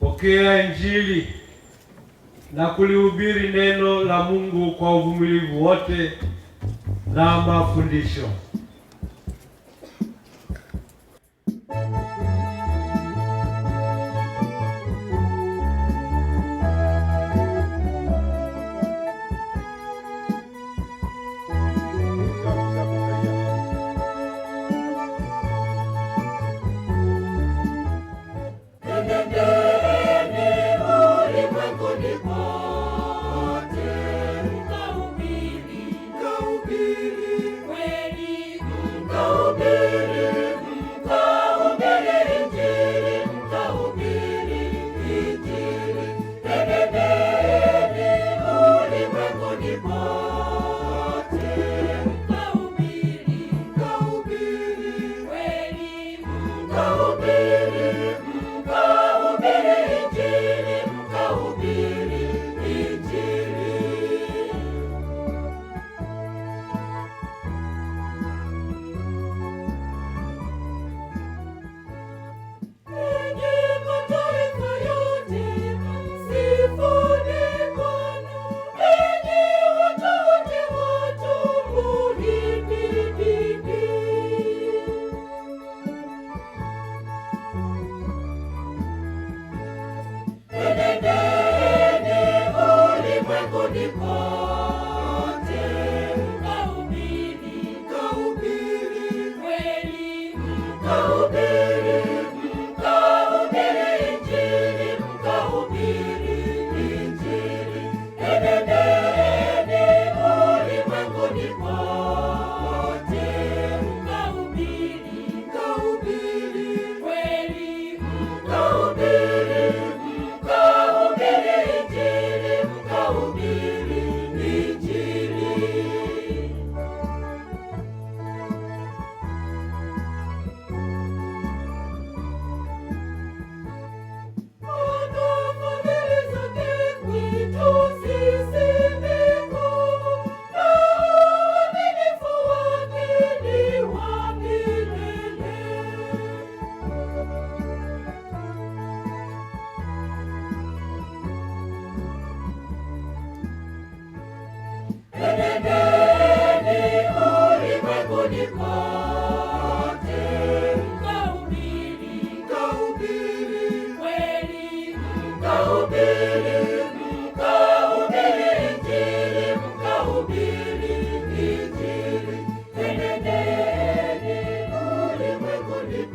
pokea Injili na kulihubiri neno la Mungu kwa uvumilivu wote na mafundisho.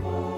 Amen.